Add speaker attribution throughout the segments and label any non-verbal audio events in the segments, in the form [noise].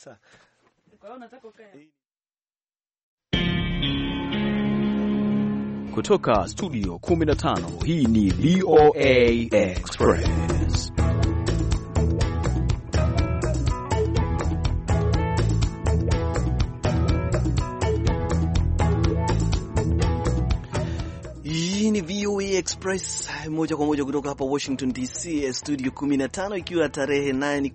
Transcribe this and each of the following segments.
Speaker 1: Sa. Kwa hiyo nataka ukae. Kutoka studio 15 hii ni VOA Express. Express moja kwa moja kutoka hapa Washington DC, studio 15, ikiwa tarehe 8 ni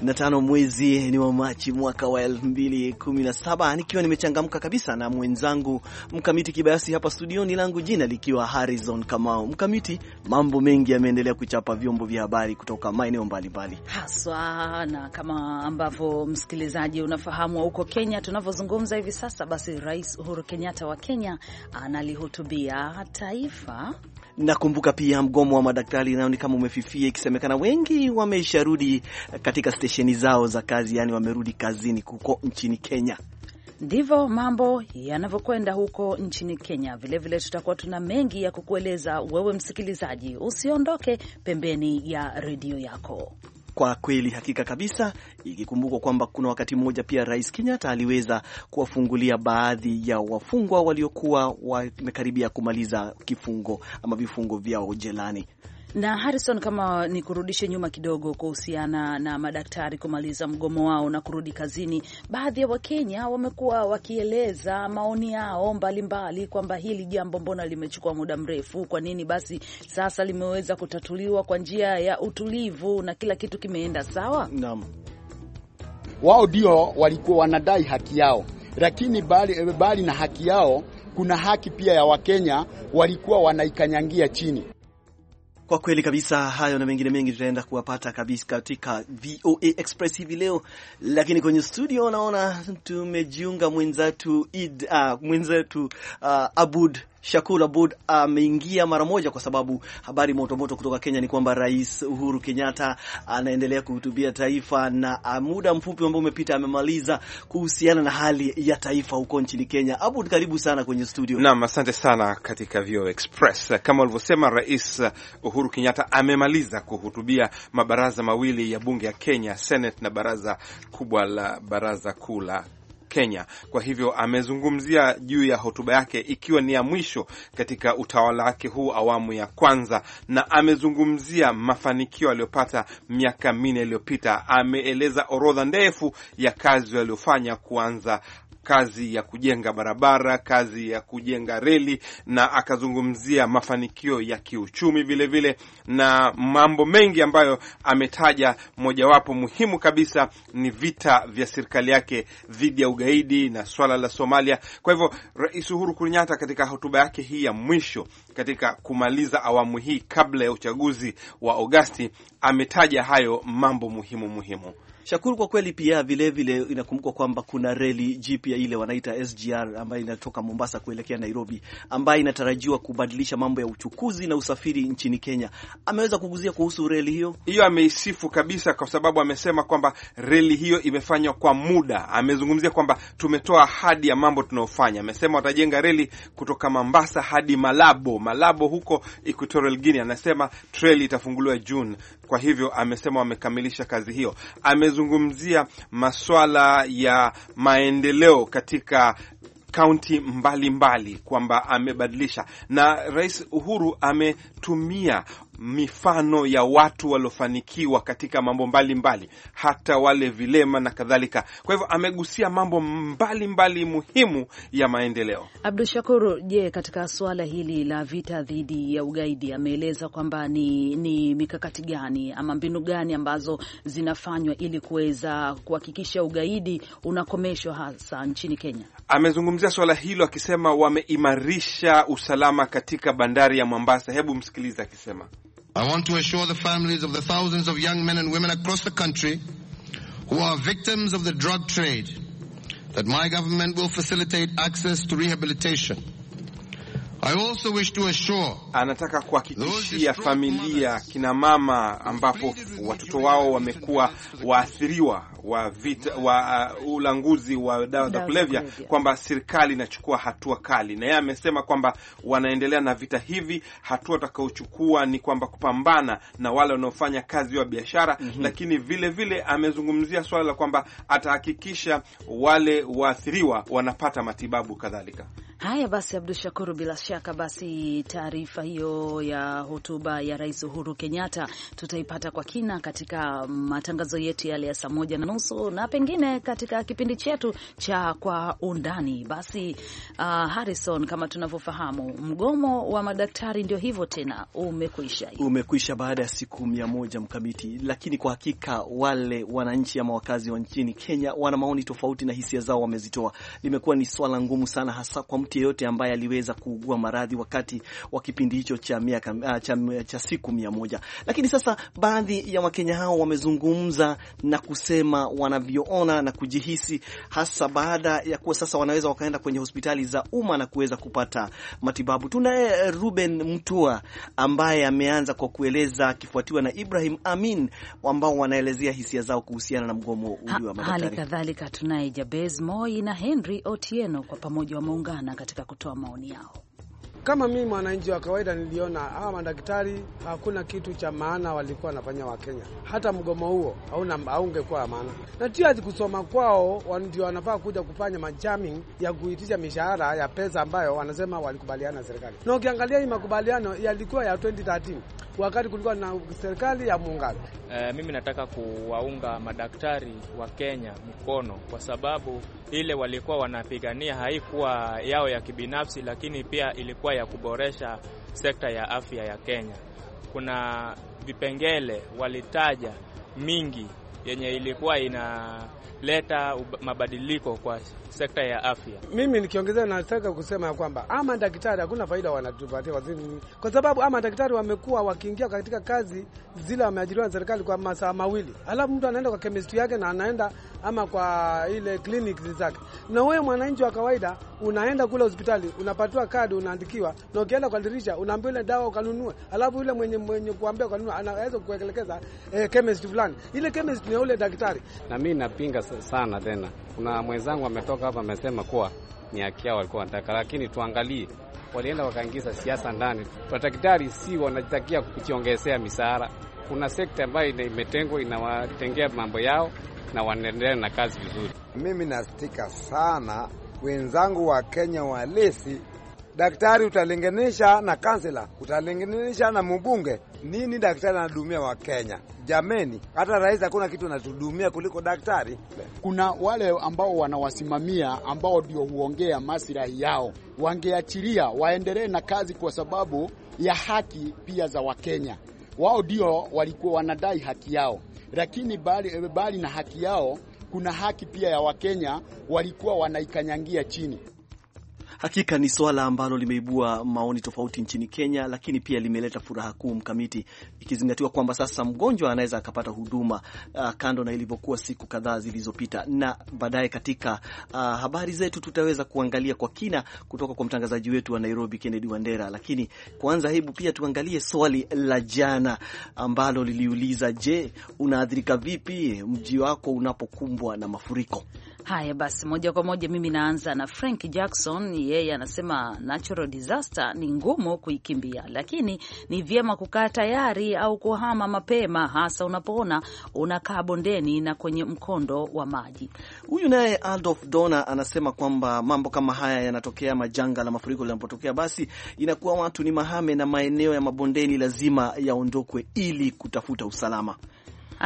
Speaker 1: 15 mwezi ni wa Machi mwaka wa 2017, nikiwa nimechangamka kabisa na mwenzangu Mkamiti Kibayasi hapa studioni, langu jina likiwa Harrison Kamau. Mkamiti, mambo mengi yameendelea kuchapa vyombo vya habari kutoka maeneo mbalimbali,
Speaker 2: haswa na kama ambavyo msikilizaji unafahamu, huko Kenya tunavyozungumza hivi sasa, basi Rais Uhuru Kenyatta wa Kenya analihutubia taifa
Speaker 1: Nakumbuka pia mgomo wa madaktari nao ni kama umefifia, ikisemekana wengi wamesharudi katika stesheni zao za kazi, yaani wamerudi kazini huko nchini Kenya.
Speaker 2: Ndivyo mambo yanavyokwenda huko nchini Kenya. Vilevile tutakuwa tuna mengi ya kukueleza wewe msikilizaji, usiondoke pembeni ya redio yako.
Speaker 1: Kwa kweli hakika kabisa, ikikumbukwa kwamba kuna wakati mmoja pia Rais Kenyatta aliweza kuwafungulia baadhi ya wafungwa waliokuwa wamekaribia kumaliza kifungo ama vifungo vyao jelani
Speaker 2: na Harrison, kama kurudishe nyuma kidogo kuhusiana na madaktari kumaliza mgomo wao na kurudi kazini, baadhi ya Wakenya wamekuwa wakieleza maoni yao mbalimbali kwamba hili jambo mbona limechukua muda mrefu, kwa nini basi sasa limeweza kutatuliwa kwa njia ya utulivu na kila kitu kimeenda sawa?
Speaker 1: Naam,
Speaker 3: wao
Speaker 2: ndio walikuwa
Speaker 3: wanadai haki yao, lakini bali, bali na haki yao
Speaker 1: kuna haki pia ya Wakenya walikuwa wanaikanyangia chini. Kwa kweli kabisa, hayo na mengine mengi tutaenda kuwapata kabisa katika VOA Express hivi leo, lakini kwenye studio naona tumejiunga mwenzetu Id, uh, mwenzetu uh, Abud Shakur Abud ameingia mara moja, kwa sababu habari motomoto kutoka Kenya ni kwamba Rais Uhuru Kenyatta anaendelea kuhutubia taifa na ah, muda mfupi ambao umepita amemaliza kuhusiana na hali ya taifa huko nchini Kenya. Abud, karibu sana kwenye
Speaker 4: studio. Naam, asante sana katika Vio Express. Kama ulivyosema, Rais Uhuru Kenyatta amemaliza kuhutubia mabaraza mawili ya bunge ya Kenya, Senate na baraza kubwa la baraza kuu la Kenya. Kwa hivyo amezungumzia juu ya hotuba yake ikiwa ni ya mwisho katika utawala wake huu awamu ya kwanza, na amezungumzia mafanikio aliyopata miaka minne iliyopita. Ameeleza orodha ndefu ya kazi waliofanya kuanza kazi ya kujenga barabara, kazi ya kujenga reli, na akazungumzia mafanikio ya kiuchumi vilevile vile, na mambo mengi ambayo ametaja. Mojawapo muhimu kabisa ni vita vya serikali yake dhidi ya ugaidi na swala la Somalia. Kwa hivyo Rais Uhuru Kenyatta katika hotuba yake hii ya mwisho katika kumaliza awamu hii kabla ya uchaguzi wa Agosti ametaja hayo mambo muhimu muhimu. Shakuru, kwa kweli pia
Speaker 1: vilevile inakumbukwa kwamba kuna reli jipya ile wanaita SGR ambayo inatoka Mombasa kuelekea Nairobi, ambayo inatarajiwa kubadilisha mambo ya uchukuzi na usafiri nchini Kenya.
Speaker 4: Ameweza kuguzia kuhusu reli hiyo hiyo, ameisifu kabisa kwa sababu amesema kwamba reli hiyo imefanywa kwa muda. Amezungumzia kwamba tumetoa ahadi ya mambo tunayofanya. Amesema watajenga reli kutoka Mombasa hadi Malabo, Malabo huko Equatorial Guinea. Anasema treli itafunguliwa June kwa hivyo amesema wamekamilisha kazi hiyo. Amezungumzia maswala ya maendeleo katika kaunti mbalimbali kwamba amebadilisha, na Rais Uhuru ametumia mifano ya watu waliofanikiwa katika mambo mbalimbali mbali, hata wale vilema na kadhalika. Kwa hivyo amegusia mambo mbalimbali mbali muhimu ya maendeleo.
Speaker 2: Abdu Shakuru, je, katika suala hili la vita dhidi ya ugaidi ameeleza kwamba ni, ni mikakati gani ama mbinu gani ambazo zinafanywa ili kuweza kuhakikisha ugaidi unakomeshwa hasa nchini Kenya?
Speaker 4: amezungumzia suala hilo akisema wameimarisha usalama katika bandari ya Mombasa. Hebu msikilize akisema, I want to assure the families of the thousands of young men and women across the country who are victims of the drug trade that my government will facilitate access to rehabilitation. I also wish to assure, anataka kuhakikishia familia kina mama ambapo watoto wao wamekuwa waathiriwa wa vita wa uh, ulanguzi wa dawa za kulevya, kwamba serikali inachukua hatua kali, na yeye amesema kwamba wanaendelea na vita hivi. Hatua watakaochukua ni kwamba kupambana na wale wanaofanya kazi wa biashara mm -hmm. Lakini vile vile amezungumzia swala la kwamba atahakikisha wale waathiriwa wanapata matibabu kadhalika.
Speaker 2: Haya basi, Abdu Shakuru, bila shaka basi taarifa hiyo ya hotuba ya Rais Uhuru Kenyatta tutaipata kwa kina katika matangazo yetu yale ya saa moja na nusu na pengine katika kipindi chetu cha Kwa Undani. Basi uh, Harrison, kama tunavyofahamu, mgomo wa madaktari ndio hivyo tena, umekwisha
Speaker 1: umekwisha baada ya siku mia moja mkamiti, lakini kwa hakika wale wananchi ama wakazi wa nchini Kenya wana maoni tofauti na hisia zao wamezitoa. Limekuwa ni swala ngumu sana, hasa kwa mtu yeyote ambaye aliweza kuugua maradhi wakati wa kipindi hicho cha miaka uh, cha, cha siku mia moja. Lakini sasa baadhi ya Wakenya hao wamezungumza na kusema wanavyoona na kujihisi, hasa baada ya kuwa sasa wanaweza wakaenda kwenye hospitali za umma na kuweza kupata matibabu. Tunaye eh, Ruben Mtua ambaye ameanza kwa kueleza akifuatiwa na Ibrahim Amin ambao wanaelezea hisia zao kuhusiana na mgomo ujio wa madaktari.
Speaker 2: Hali kadhalika tunaye Jabez Moi na Henry Otieno, kwa pamoja wameungana katika kutoa maoni yao.
Speaker 5: Kama mimi mwananchi wa kawaida, niliona hawa madaktari hakuna kitu cha maana walikuwa wanafanya Wakenya. Hata mgomo huo haungekuwa maana, na tia kusoma kwao, ndio wanafaa kuja kufanya majamming ya kuitisha mishahara ya pesa ambayo wanasema walikubaliana na serikali. Na ukiangalia hii makubaliano yalikuwa ya 2013 wakati kulikuwa na serikali ya muungano.
Speaker 6: E, mimi nataka kuwaunga madaktari wa Kenya mkono kwa sababu ile walikuwa wanapigania haikuwa yao ya kibinafsi, lakini pia ilikuwa ya kuboresha sekta ya afya ya Kenya. Kuna vipengele walitaja mingi yenye ilikuwa ina leta mabadiliko kwa sekta ya afya.
Speaker 5: Mimi nikiongezea, nataka kusema ya kwamba ama daktari hakuna faida wanatupatia wazini, kwa sababu ama daktari wamekuwa wakiingia katika kazi zile wameajiriwa na serikali kwa masaa mawili, alafu mtu anaenda kwa chemistry yake na anaenda ama kwa ile kliniki zake, na wewe mwananchi wa kawaida unaenda kule hospitali unapatiwa kadi, unaandikiwa, na ukienda kwa dirisha unaambiwa ile dawa ukanunue, alafu yule mwenye mwenye kuambia ukanunua anaweza kukuelekeza eh, chemistry fulani. Ile chemistry ni yule daktari.
Speaker 7: Na mimi napinga sana tena. Kuna mwenzangu ametoka hapa amesema kuwa ni haki yao walikuwa wanataka, lakini tuangalie, walienda wakaingiza siasa ndani. Madaktari si wanajitakia kujiongezea misara. Kuna sekta ambayo imetengwa inawatengea mambo yao na wanaendelea na kazi vizuri.
Speaker 5: Mimi nastika sana wenzangu wa Kenya walesi daktari utalinganisha na kansela, utalinganisha na mbunge nini? Daktari anadumia wa Kenya jameni, hata rais hakuna kitu anatudumia kuliko daktari.
Speaker 3: Kuna wale ambao wanawasimamia ambao ndio huongea masilahi yao, wangeachilia waendelee na kazi kwa sababu ya haki pia za Wakenya. Wao ndio walikuwa wanadai haki yao, lakini bali na haki yao kuna haki pia ya Wakenya walikuwa wanaikanyangia chini.
Speaker 1: Hakika ni swala ambalo limeibua maoni tofauti nchini Kenya, lakini pia limeleta furaha kuu mkamiti, ikizingatiwa kwamba sasa mgonjwa anaweza akapata huduma uh, kando na ilivyokuwa siku kadhaa zilizopita. Na baadaye katika uh, habari zetu tutaweza kuangalia kwa kina kutoka kwa mtangazaji wetu wa Nairobi, Kennedy Wandera. Lakini kwanza, hebu pia tuangalie swali la jana ambalo liliuliza, je, unaathirika vipi mji wako unapokumbwa na mafuriko?
Speaker 2: Haya basi, moja kwa moja mimi naanza na Frank Jackson. Yeye anasema natural disaster ni ngumu kuikimbia, lakini ni vyema kukaa tayari au kuhama mapema, hasa unapoona unakaa bondeni na kwenye mkondo wa maji.
Speaker 1: Huyu naye Adolf Dona anasema kwamba mambo kama haya yanatokea, majanga la mafuriko linapotokea, basi inakuwa watu ni mahame na maeneo ya mabondeni lazima yaondokwe ili kutafuta usalama.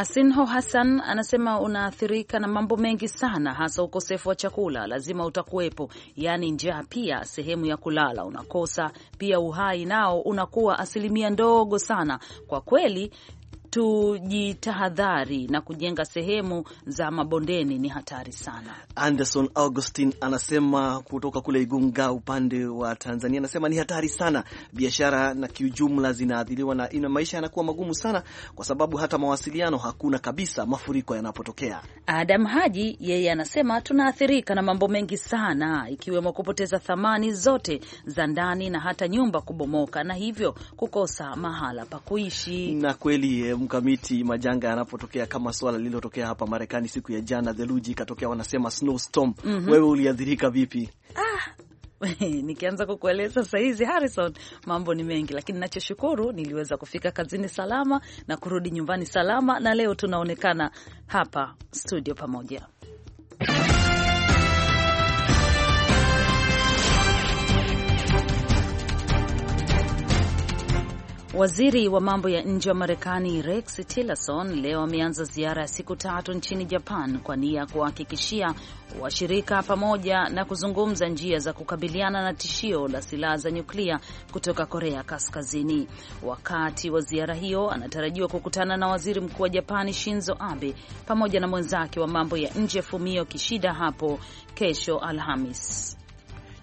Speaker 2: Asinho Hassan anasema unaathirika na mambo mengi sana, hasa ukosefu wa chakula lazima utakuwepo, yaani njaa, pia sehemu ya kulala unakosa, pia uhai nao unakuwa asilimia ndogo sana. Kwa kweli tujitahadhari na kujenga sehemu za mabondeni, ni hatari sana.
Speaker 1: Anderson Augustin anasema kutoka kule Igunga upande wa Tanzania, anasema ni hatari sana, biashara na kiujumla zinaathiriwa na ina maisha yanakuwa magumu sana, kwa sababu hata mawasiliano hakuna kabisa mafuriko yanapotokea.
Speaker 2: Adam Haji yeye anasema tunaathirika na mambo mengi sana, ikiwemo kupoteza thamani zote za ndani na hata nyumba kubomoka na hivyo kukosa mahala pa kuishi. Na
Speaker 1: kweli eh, mkamiti majanga yanapotokea, kama swala lililotokea hapa Marekani siku ya jana, theluji ikatokea, wanasema snowstorm. mm -hmm. Wewe uliadhirika vipi? ah.
Speaker 2: [laughs] Nikianza kukueleza sahizi hizi Harrison, mambo ni mengi, lakini nachoshukuru niliweza kufika kazini salama na kurudi nyumbani salama, na leo tunaonekana hapa studio pamoja. Waziri wa mambo ya nje wa Marekani Rex Tillerson leo ameanza ziara ya siku tatu nchini Japan kwa nia ya kuwahakikishia washirika pamoja na kuzungumza njia za kukabiliana na tishio la silaha za nyuklia kutoka Korea Kaskazini. Wakati wa ziara hiyo, anatarajiwa kukutana na waziri mkuu wa Japani Shinzo Abe pamoja na mwenzake wa mambo ya nje Fumio Kishida hapo kesho Alhamis.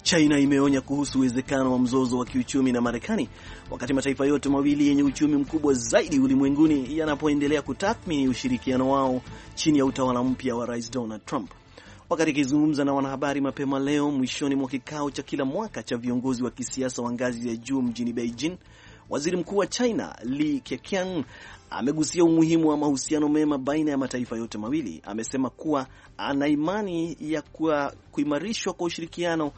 Speaker 1: China imeonya kuhusu uwezekano wa mzozo wa kiuchumi na Marekani wakati mataifa yote mawili yenye uchumi mkubwa zaidi ulimwenguni yanapoendelea kutathmini ushirikiano wao chini ya utawala mpya wa Rais Donald Trump. Wakati akizungumza na wanahabari mapema leo mwishoni mwa kikao cha kila mwaka cha viongozi wa kisiasa wa ngazi ya juu mjini Beijing, waziri mkuu wa China Li Keqiang amegusia umuhimu wa mahusiano mema baina ya mataifa yote mawili. Amesema kuwa ana imani ya kuimarishwa kwa ushirikiano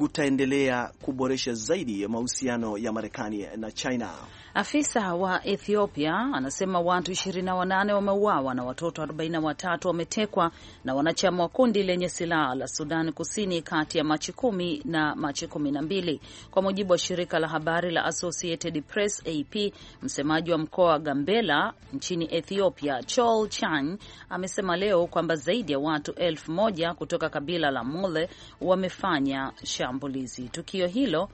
Speaker 1: kutaendelea kuboresha zaidi mahusiano ya Marekani na China.
Speaker 2: Afisa wa Ethiopia anasema watu 28 wameuawa na watoto 43 wametekwa na wanachama wa kundi lenye silaha la Sudan Kusini kati ya Machi kumi na Machi kumi na mbili, kwa mujibu wa shirika la habari la Associated Press AP. Msemaji wa mkoa wa Gambela nchini Ethiopia, Chol Chan, amesema leo kwamba zaidi ya watu elfu moja kutoka kabila la Mole wamefanya sha mashambulizi. Tukio hilo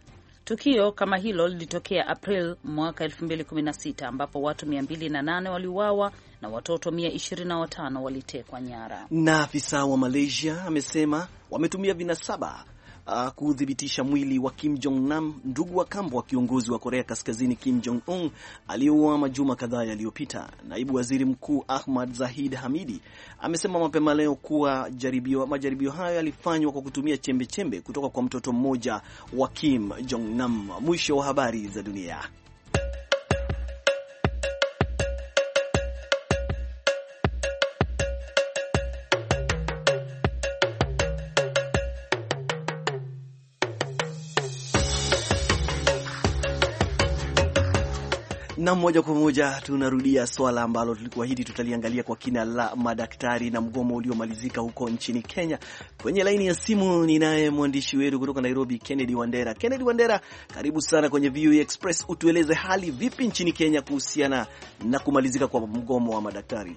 Speaker 2: tukio kama hilo lilitokea April mwaka 2016 ambapo watu 208 waliuawa na watoto 125 walitekwa nyara.
Speaker 1: Na afisa wa Malaysia amesema wametumia vinasaba uh, ah, kudhibitisha mwili wa Kim Jong Nam, ndugu wa kambo wa kiongozi wa Korea Kaskazini Kim Jong Un aliyeuawa majuma kadhaa yaliyopita. Naibu Waziri Mkuu Ahmad Zahid Hamidi amesema mapema leo kuwa jaribio, majaribio hayo yalifanywa kwa kutumia chembechembe -chembe kutoka kwa mtoto mmoja wa Kim Jong Nam. Mwisho wa habari za dunia. na moja kwa moja tunarudia swala ambalo tulikuahidi tutaliangalia kwa kina la madaktari na mgomo uliomalizika huko nchini Kenya. Kwenye laini ya simu ninaye mwandishi wetu kutoka Nairobi, Kennedy Wandera. Kennedy Wandera, karibu sana kwenye VOA e Express. Utueleze hali vipi nchini Kenya kuhusiana na kumalizika kwa mgomo wa madaktari?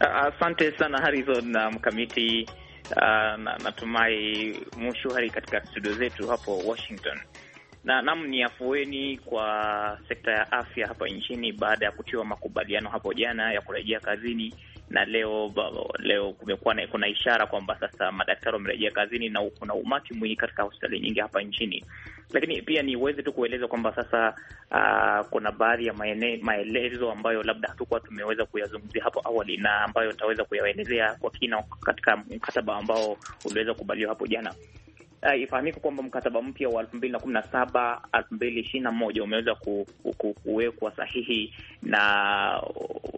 Speaker 6: Asante uh, sana Harrison na um, mkamiti uh, na, natumai mshuhari katika studio zetu hapo Washington na nam ni afueni kwa sekta ya afya hapa nchini baada ya kutiwa makubaliano hapo jana ya kurejea kazini, na leo leo kumekuwa na kuna ishara kwamba sasa madaktari wamerejea kazini na kuna umati mwingi katika hospitali nyingi hapa nchini. Lakini pia niweze tu kueleza kwamba sasa uh, kuna baadhi ya maene, maelezo ambayo labda hatukuwa tumeweza kuyazungumzia hapo awali na ambayo nitaweza kuyaelezea kwa kina katika mkataba ambao uliweza kubaliwa hapo jana uh, ifahamike kwamba mkataba mpya wa elfu mbili na kumi na saba elfu mbili ishirini na moja umeweza ku, ku, kuwekwa sahihi na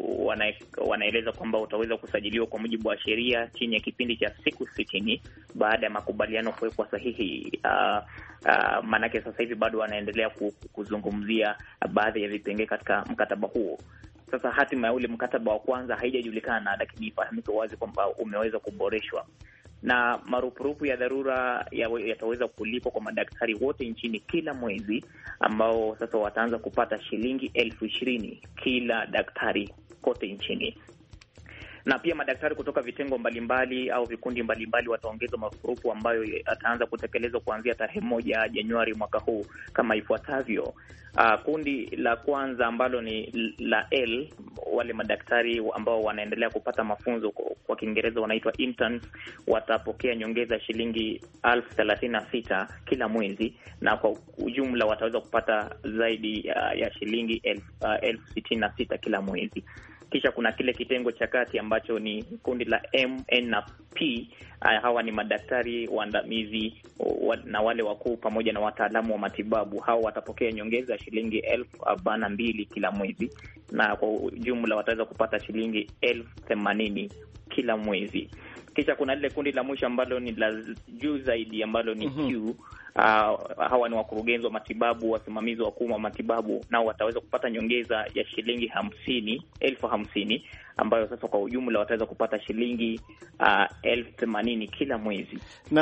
Speaker 6: wana, wanaeleza kwamba utaweza kusajiliwa kwa mujibu wa sheria chini ya kipindi cha siku sitini baada ya makubaliano kuwekwa sahihi. Uh, uh, maanake sasa hivi bado wanaendelea kuzungumzia baadhi ya vipengee katika mkataba huo. Sasa hatima ya ule mkataba wa kwanza haijajulikana, lakini ifahamike wazi kwamba umeweza kuboreshwa na marupurupu ya dharura yataweza ya kulipwa kwa madaktari wote nchini kila mwezi, ambao sasa wataanza kupata shilingi elfu ishirini kila daktari kote nchini na pia madaktari kutoka vitengo mbalimbali au vikundi mbalimbali wataongezwa marupurupu ambayo ataanza kutekelezwa kuanzia tarehe moja Januari mwaka huu kama ifuatavyo. Uh, kundi la kwanza ambalo ni la L, wale madaktari ambao wanaendelea kupata mafunzo kwa Kiingereza wanaitwa watapokea nyongeza shilingi elfu thelathini na sita kila mwezi, na kwa ujumla wataweza kupata zaidi uh, ya shilingi elfu uh, sitini na sita kila mwezi. Kisha kuna kile kitengo cha kati ambacho ni kundi la MNP. Hawa ni madaktari waandamizi na wale wakuu pamoja na wataalamu wa matibabu. Hawa watapokea nyongeza ya shilingi elfu arobaini na mbili kila mwezi, na kwa ujumla wataweza kupata shilingi elfu themanini kila mwezi. Kisha kuna lile kundi la mwisho ambalo ni la juu zaidi ambalo ni mhm. Q uh, hawa ni wakurugenzi wa matibabu, wasimamizi wakuu wa matibabu, nao wataweza kupata nyongeza ya shilingi hamsini elfu hamsini ambayo sasa kwa ujumla wataweza kupata shilingi uh, elfu themanini kila mwezi.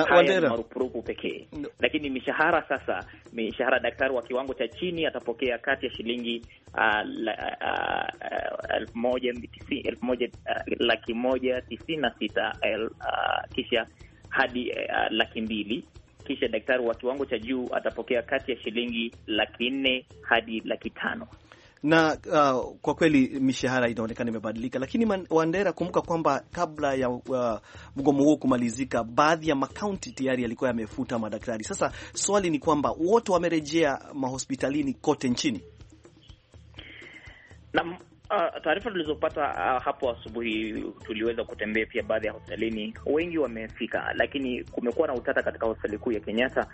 Speaker 6: Haya ni marupurupu pekee no. Lakini mishahara sasa, mishahara daktari wa kiwango cha chini atapokea kati ya shilingi ah, elfu moja elfu moja laki moja tisini na sita kisha hadi uh, laki mbili kisha daktari wa kiwango cha juu atapokea kati ya shilingi laki nne hadi laki tano
Speaker 1: na uh, kwa kweli mishahara inaonekana imebadilika, lakini man, Wandera, kumbuka kwamba kabla ya uh, mgomo huo kumalizika, baadhi ya makaunti tayari yalikuwa yamefuta madaktari. Sasa swali ni kwamba wote wamerejea mahospitalini kote nchini
Speaker 6: na Uh, taarifa tulizopata uh, hapo asubuhi tuliweza kutembea pia baadhi ya hospitalini, wengi wamefika, lakini kumekuwa na utata katika hospitali kuu ya Kenyatta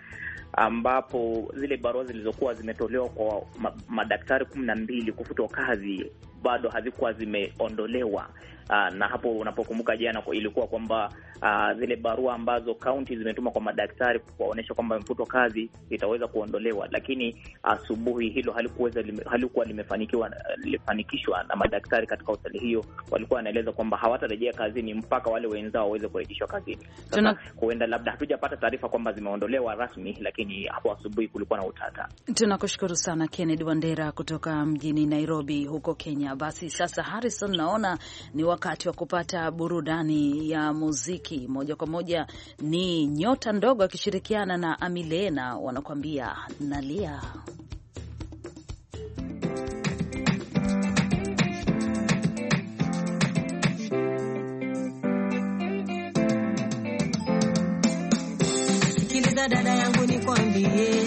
Speaker 6: ambapo zile barua zilizokuwa zimetolewa kwa madaktari kumi na mbili kufutwa kazi bado hazikuwa zimeondolewa. Uh, na hapo unapokumbuka jana ilikuwa kwamba uh, zile barua ambazo kaunti zimetuma kwa madaktari kuwaonyesha kwamba mfuto kazi itaweza kuondolewa, lakini asubuhi uh, hilo halikuweza lime, halikuwa limefanikiwa limefanikishwa na madaktari katika hospitali hiyo. Walikuwa wanaeleza kwamba hawatarejea kazini mpaka wale wenzao waweze kurejeshwa kazini. Sasa huenda labda hatujapata taarifa kwamba zimeondolewa rasmi, lakini hapo asubuhi kulikuwa na utata.
Speaker 2: Tunakushukuru sana Kennedy Wandera kutoka mjini Nairobi huko Kenya. Kenya. Basi sasa, Harrison, naona ni wakati wa kupata burudani ya muziki moja kwa moja. Ni Nyota Ndogo akishirikiana na Amilena wanakuambia nalia
Speaker 8: dada yangu nikwambie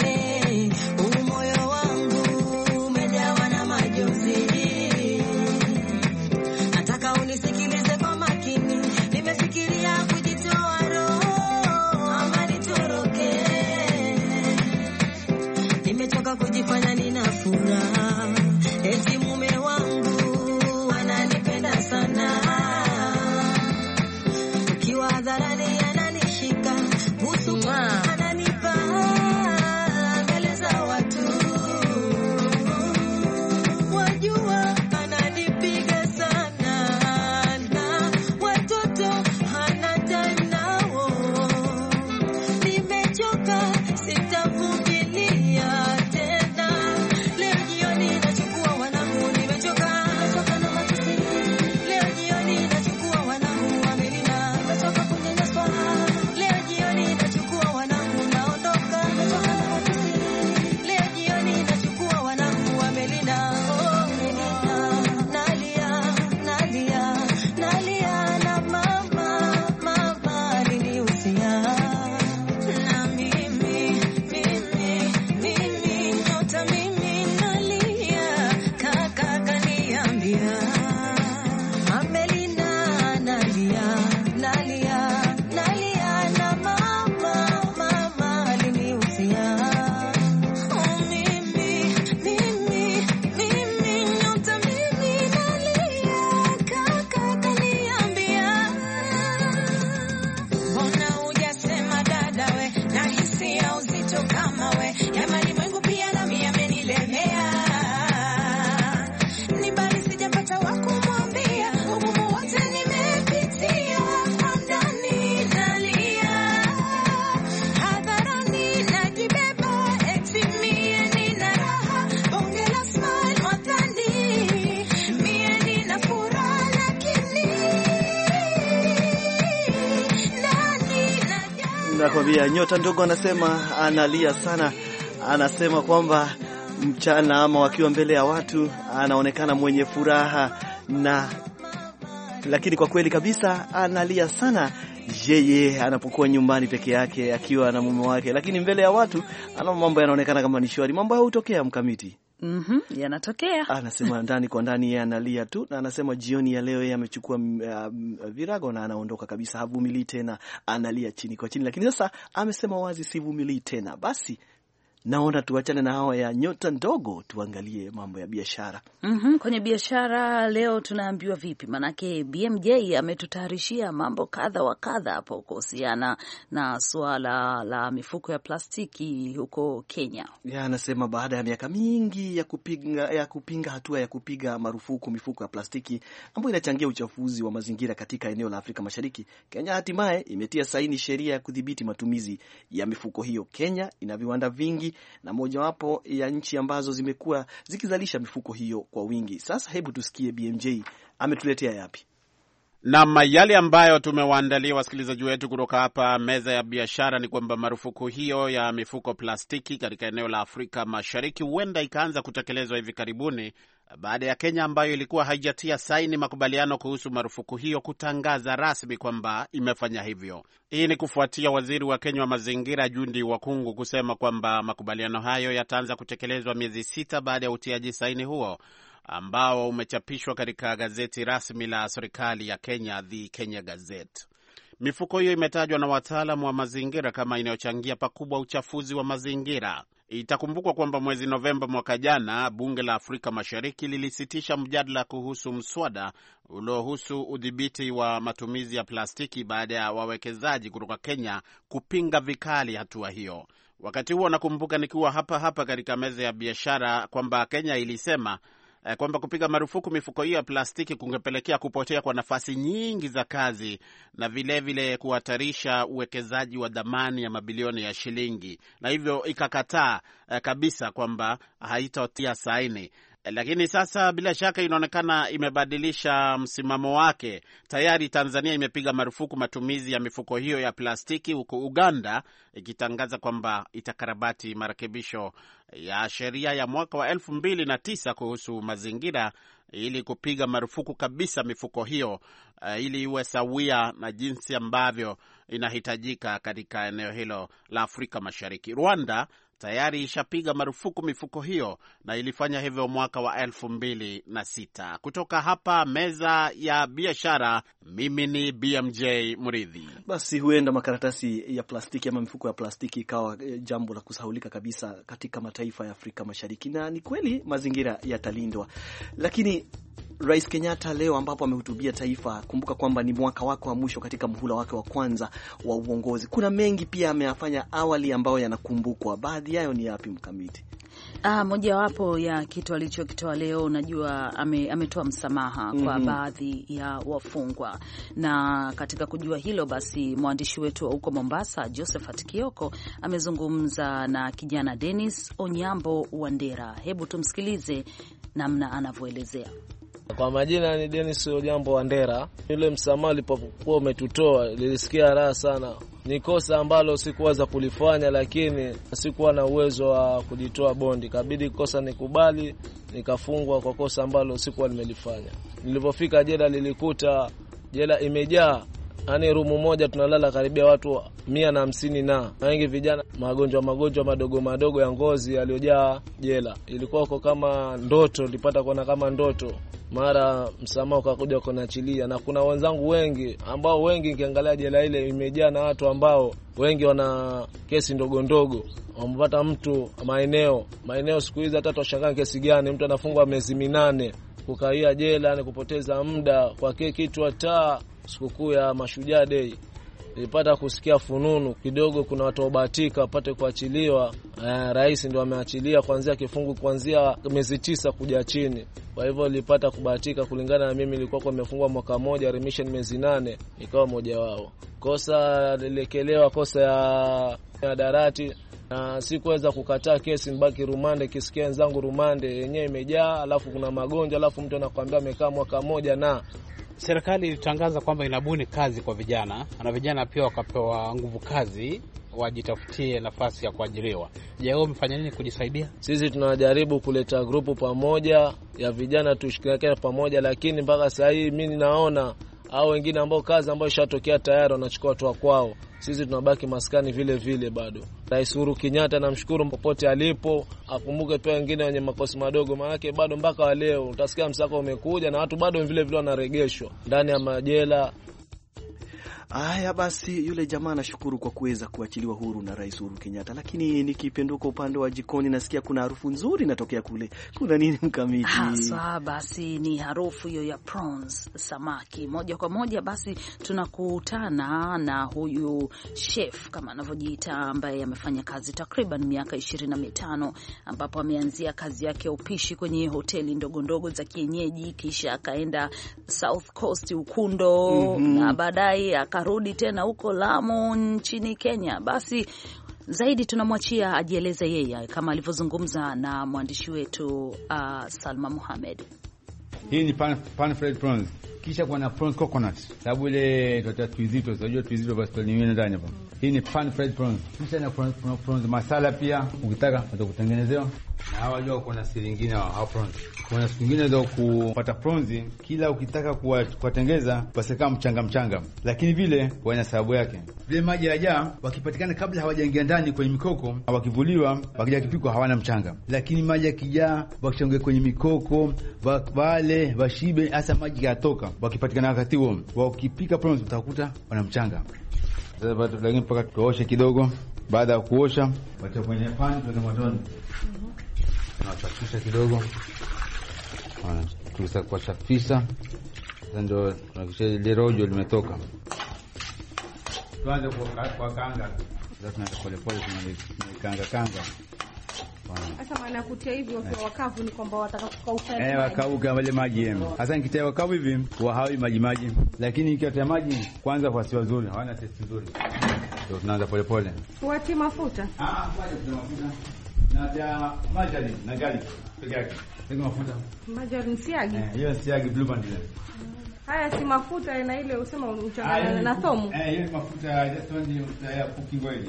Speaker 1: anakuambia nyota ndogo, anasema analia sana, anasema kwamba mchana ama wakiwa mbele ya watu anaonekana mwenye furaha na lakini kwa kweli kabisa analia sana yeye anapokuwa nyumbani peke yake akiwa na mume wake, lakini mbele ya watu ana mambo yanaonekana kama ni shwari. Mambo hayo hutokea mkamiti Mm -hmm, yanatokea. Anasema ndani kwa ndani yeye analia tu, na anasema jioni ya leo yeye amechukua uh, virago na anaondoka kabisa, havumilii tena, analia chini kwa chini, lakini sasa amesema wazi, sivumilii tena basi naona tuachane na hawa ya nyota ndogo, tuangalie mambo ya biashara.
Speaker 2: mm -hmm. Kwenye biashara leo tunaambiwa vipi? Maanake BMJ ametutayarishia mambo kadha wa kadha hapo kuhusiana na suala la mifuko ya plastiki huko Kenya.
Speaker 1: Anasema baada ya miaka mingi ya kupinga, ya kupinga hatua ya kupiga marufuku mifuko ya plastiki ambayo inachangia uchafuzi wa mazingira katika eneo la Afrika Mashariki, Kenya hatimaye imetia saini sheria ya kudhibiti matumizi ya mifuko hiyo. Kenya ina viwanda vingi na mojawapo ya nchi ambazo zimekuwa zikizalisha mifuko hiyo kwa wingi. Sasa
Speaker 7: hebu tusikie BMJ ametuletea yapi. Nam, yale ambayo tumewaandalia wasikilizaji wetu kutoka hapa meza ya biashara ni kwamba marufuku hiyo ya mifuko plastiki katika eneo la Afrika Mashariki huenda ikaanza kutekelezwa hivi karibuni baada ya Kenya ambayo ilikuwa haijatia saini makubaliano kuhusu marufuku hiyo kutangaza rasmi kwamba imefanya hivyo. Hii ni kufuatia waziri wa Kenya wa mazingira Jundi Wakungu kusema kwamba makubaliano hayo yataanza kutekelezwa miezi sita baada ya utiaji saini huo ambao umechapishwa katika gazeti rasmi la serikali ya Kenya, The Kenya Gazette. Mifuko hiyo imetajwa na wataalamu wa mazingira kama inayochangia pakubwa uchafuzi wa mazingira. Itakumbukwa kwamba mwezi Novemba mwaka jana bunge la Afrika Mashariki lilisitisha mjadala kuhusu mswada uliohusu udhibiti wa matumizi ya plastiki baada ya wawekezaji kutoka Kenya kupinga vikali hatua hiyo. Wakati huo, nakumbuka nikiwa hapa hapa katika meza ya biashara kwamba Kenya ilisema Eh, kwamba kupiga marufuku mifuko hiyo ya plastiki kungepelekea kupotea kwa nafasi nyingi za kazi na vilevile kuhatarisha uwekezaji wa dhamani ya mabilioni ya shilingi, na hivyo ikakataa eh, kabisa kwamba haitotia saini lakini sasa bila shaka inaonekana imebadilisha msimamo wake. Tayari Tanzania imepiga marufuku matumizi ya mifuko hiyo ya plastiki, huku Uganda ikitangaza kwamba itakarabati marekebisho ya sheria ya mwaka wa elfu mbili na tisa kuhusu mazingira ili kupiga marufuku kabisa mifuko hiyo eh, ili iwe sawia na jinsi ambavyo inahitajika katika eneo hilo la Afrika Mashariki. Rwanda tayari ishapiga marufuku mifuko hiyo na ilifanya hivyo mwaka wa elfu mbili na sita. Kutoka hapa meza ya biashara, mimi ni BMJ Mridhi.
Speaker 1: Basi huenda makaratasi ya plastiki ama mifuko ya plastiki ikawa eh, jambo la kusahulika kabisa katika mataifa ya Afrika Mashariki, na ni kweli mazingira yatalindwa, lakini Rais Kenyatta leo ambapo amehutubia taifa, kumbuka kwamba ni mwaka wake wa mwisho katika mhula wake wa kwanza wa uongozi. Kuna mengi pia ameyafanya awali ambayo yanakumbukwa, baadhi yayo ni yapi, Mkamiti?
Speaker 2: Ah, mojawapo ya kitu alichokitoa leo, unajua ametoa ame msamaha kwa mm -hmm. baadhi ya wafungwa, na katika kujua hilo basi mwandishi wetu wa huko Mombasa Josephat Kioko amezungumza na kijana Dennis Onyambo Wandera. Hebu tumsikilize namna anavyoelezea.
Speaker 9: Kwa majina ni Dennis Ojambo Wandera. Yule msamaha ulipokuwa umetutoa nilisikia raha sana. Ni kosa ambalo sikuweza kulifanya, lakini sikuwa na uwezo wa kujitoa bondi, kabidi kosa nikubali, nikafungwa kwa kosa ambalo sikuwa nimelifanya. Nilipofika jela, lilikuta jela imejaa Yaani rumu moja tunalala karibia watu mia na hamsini na wengi vijana, magonjwa magonjwa madogo madogo ya ngozi yaliyojaa jela. Ilikuwa uko kama ndoto, nilipata kuona kama ndoto mara msamaha ukakuja kunaachilia, na kuna wenzangu wengi ambao wengi nikiangalia jela ile imejaa na watu ambao wengi wana kesi ndogo ndogo, wamepata mtu maeneo maeneo. Siku hizi hata twashangaa kesi gani mtu anafungwa miezi minane. Kukaia jela ni kupoteza muda kwa keki kitu, hata sikukuu ya Mashujaa Dei nilipata kusikia fununu kidogo, kuna watu wabahatika wapate kuachiliwa. Eh, rais ndio ameachilia kuanzia kifungu kuanzia miezi tisa kuja chini. Kwa hivyo nilipata kubahatika, kulingana na mimi nilikuwa nimefungwa mwaka mmoja, remission miezi nane, nikawa mmoja wao. Kosa lilekelewa kosa ya, adarati darati na sikuweza kukataa kesi, mbaki rumande. Kisikia wenzangu rumande yenyewe imejaa, alafu kuna magonjwa, alafu mtu anakuambia amekaa mwaka mmoja na serikali ilitangaza kwamba inabuni kazi kwa vijana
Speaker 7: na vijana pia wakapewa nguvu kazi wajitafutie nafasi ya kuajiriwa. Je, wewe
Speaker 9: umefanya nini kujisaidia? Sisi tunajaribu kuleta grupu pamoja ya vijana tushirikiane pamoja, lakini mpaka sasa hii mimi ninaona au wengine ambao kazi ambayo ishatokea tayari wanachukua hatua kwao. Sisi tunabaki maskani vile vile bado. Rais Uhuru Kenyatta namshukuru popote alipo, akumbuke pia wengine wenye makosi madogo, maanake bado mpaka leo utasikia msako umekuja na watu bado vile vile wanaregeshwa ndani ya majela,
Speaker 1: Haya basi, yule jamaa anashukuru kwa kuweza kuachiliwa huru na Rais Uhuru Kenyatta. Lakini nikipinduka upande wa jikoni, nasikia kuna harufu nzuri inatokea kule. Kuna nini mkamiti? Haswa
Speaker 2: basi ni harufu hiyo ya prawns, samaki. Moja kwa moja basi tunakutana na huyu chef kama anavyojiita, ambaye amefanya kazi takriban miaka ishirini na mitano ambapo ameanzia kazi yake ya upishi kwenye hoteli ndogo ndogo za kienyeji, kisha akaenda South Coast Ukundo, mm -hmm. na baadaye aka akarudi tena huko Lamu nchini Kenya. Basi zaidi tunamwachia ajieleze yeye kama alivyozungumza na mwandishi wetu uh, Salma Muhamed.
Speaker 3: Hii ni Pan, Pan kisha na prawns coconut, sababu ile tunaita twizito, unajua twizito basi tulinywe ndani hapo. Hii ni pan fried prawns, kisha na prawns, prawns prawns masala pia, ukitaka kutengenezewa Na hawa jua kuna siri nyingine hawa prawns, kuna siku nyingine za kupata prawns, kila ukitaka kuwatengeza basi kama mchanga mchanga, lakini vile kwa ina sababu yake. Vile maji yajaa, wakipatikana kabla hawajaingia ndani kwenye mikoko, wakivuliwa, wakija kipikwa hawana mchanga, lakini maji yakijaa, wakishonge kwenye mikoko, wale washibe, hasa maji yatoka wakipatikana wakati huo, wakipika pale utakuta wana mchanga. Sasa lakini mpaka tuoshe kidogo. Baada ya kuosha, wacha kwenye pani, moto. motoni, tunawachafisha mhm. kidogo, kuwachafisha. Sasa ndio tunakisha ile rojo limetoka. Tuanze kwa kanga, pole polepole, kanga kanga
Speaker 8: sasa maana kutia hivi wakiwa wakavu ni kwamba watakauka. Eh, wakauka
Speaker 3: wale maji yenu. Sasa nikitia wakavu hivi wa hawi maji maji. Lakini nikitia maji kwanza kwa si wazuri, hawana taste nzuri. Ndio tunaanza pole pole.
Speaker 8: Tuwatie mafuta. Ah, kwanza ah, tutia mafuta. Na ya
Speaker 3: majarini na garlic. Peke yake. mafuta.
Speaker 8: Majarini siagi. Eh,
Speaker 3: hiyo siagi blue band ile.
Speaker 8: Haya si mafuta na ile usema ah, unachanganya na thomu. Eh,
Speaker 3: hiyo mafuta ya tondi ya cooking oil.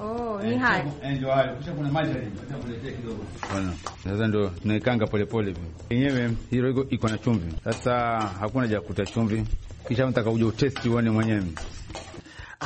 Speaker 8: Oh, eh, ni hai. Eh, ndio hayo. Kisha kuna maji hapo. Acha
Speaker 3: kuletea kidogo. Bwana. Sasa ndio tunaikanga polepole hivi. Yenyewe hilo iko na chumvi. Sasa hakuna haja kuta chumvi. Kisha mtaka uje utesti uone mwenyewe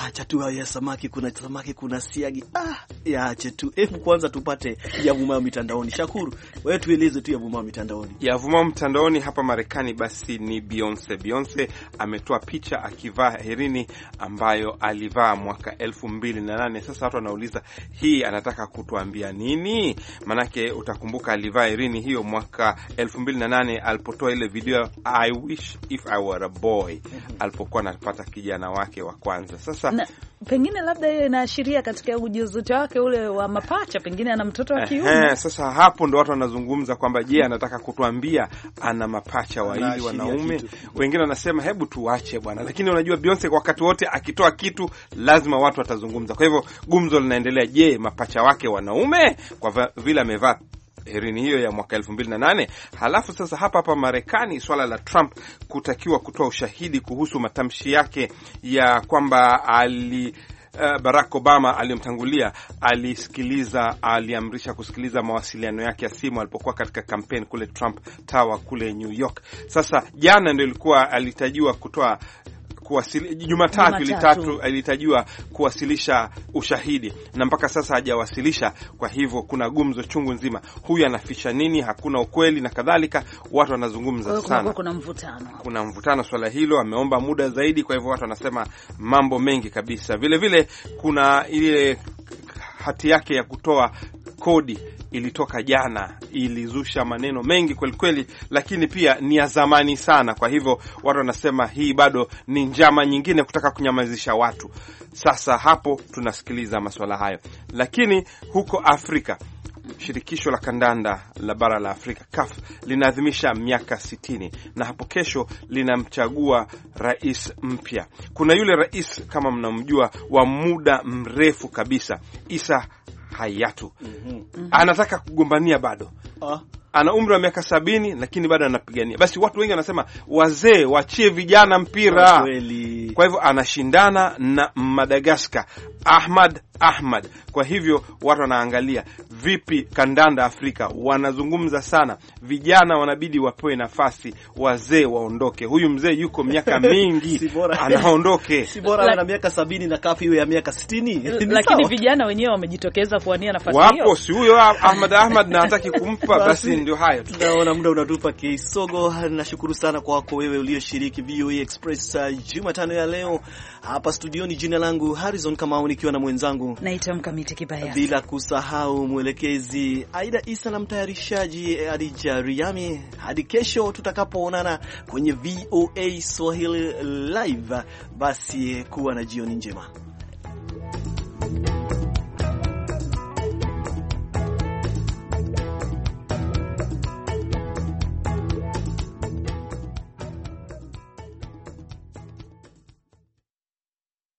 Speaker 1: acha tu hayo ya samaki, kuna samaki, kuna siagi, ah, yaache tu. Hebu kwanza tupate yavumao mitandaoni. Shakuru, wewe tueleze tu yavumao mitandaoni. Yavumao
Speaker 4: mitandaoni hapa Marekani basi ni Beyonce. Beyonce ametoa picha akivaa herini ambayo alivaa mwaka elfu mbili na nane. Sasa watu wanauliza hii anataka kutuambia nini? Manake utakumbuka alivaa herini hiyo mwaka elfu mbili na nane alipotoa ile video I wish if I were a boy, mm-hmm. alipokuwa anapata kijana wake wa kwanza. Sasa sasa na,
Speaker 2: pengine labda hiyo inaashiria katika ujuzuti wake ule wa mapacha, pengine ana mtoto wa kiume.
Speaker 4: Sasa hapo ndo watu wanazungumza kwamba je, anataka kutuambia ana mapacha wawili wanaume? Wengine wanasema hebu tuache bwana, lakini unajua Beyonce wakati wote akitoa kitu lazima watu watazungumza. Kwa hivyo gumzo linaendelea, je, mapacha wake wanaume kwa vile amevaa herini hiyo ya mwaka nane. Halafu sasa hapa hapa Marekani, swala la Trump kutakiwa kutoa ushahidi kuhusu matamshi yake ya kwamba ali eh, Barack Obama aliyomtangulia alisikiliza, aliamrisha kusikiliza mawasiliano yake ya simu alipokuwa katika kampeni kule Trump Tower kule New York. Sasa jana ndio ilikuwa alitajiwa kutoa kuwasili, Jumatatu ilitajiwa kuwasilisha ushahidi na mpaka sasa hajawasilisha. Kwa hivyo kuna gumzo chungu nzima, huyu anaficha nini, hakuna ukweli na kadhalika, watu wanazungumza sana,
Speaker 2: kuna mvutano,
Speaker 4: kuna mvutano swala hilo. Ameomba muda zaidi, kwa hivyo watu wanasema mambo mengi kabisa. Vilevile vile, kuna ile hati yake ya kutoa kodi ilitoka jana, ilizusha maneno mengi kwelikweli, lakini pia ni ya zamani sana. Kwa hivyo watu wanasema hii bado ni njama nyingine kutaka kunyamazisha watu. Sasa hapo tunasikiliza masuala hayo, lakini huko Afrika Shirikisho la kandanda la bara la Afrika CAF linaadhimisha miaka 60 na hapo kesho linamchagua rais mpya. Kuna yule rais kama mnamjua wa muda mrefu kabisa Isa hayatu mm -hmm. anataka kugombania bado ah. Ana umri wa miaka sabini lakini bado anapigania. Basi watu wengi wanasema wazee waachie vijana mpira. Kwa hivyo anashindana na Madagaskar Ahmad Ahmad. Kwa hivyo watu wanaangalia vipi kandanda Afrika, wanazungumza sana, vijana wanabidi wapewe nafasi, wazee waondoke. Huyu mzee yuko miaka [laughs] mingi anaondoke, si bora ana miaka sabini na kafu ya miaka sitini.
Speaker 1: Lakini
Speaker 2: vijana wenyewe wamejitokeza kuwania nafasi hiyo, wapo si
Speaker 1: huyo Ahmad Ahmad na hataki kumpa basi ndio hayo tu, naona muda unatupa kisogo. Nashukuru sana kwako wewe ulioshiriki VOA Express uh, Jumatano ya leo hapa studioni. Jina langu Harrison Kamau, nikiwa na mwenzangu
Speaker 2: naitwa Mkamiti Kibaya,
Speaker 1: bila kusahau mwelekezi Aida Isa na mtayarishaji eh, Adija Riami. Hadi kesho tutakapoonana kwenye VOA Swahili Live, basi eh, kuwa na jioni njema.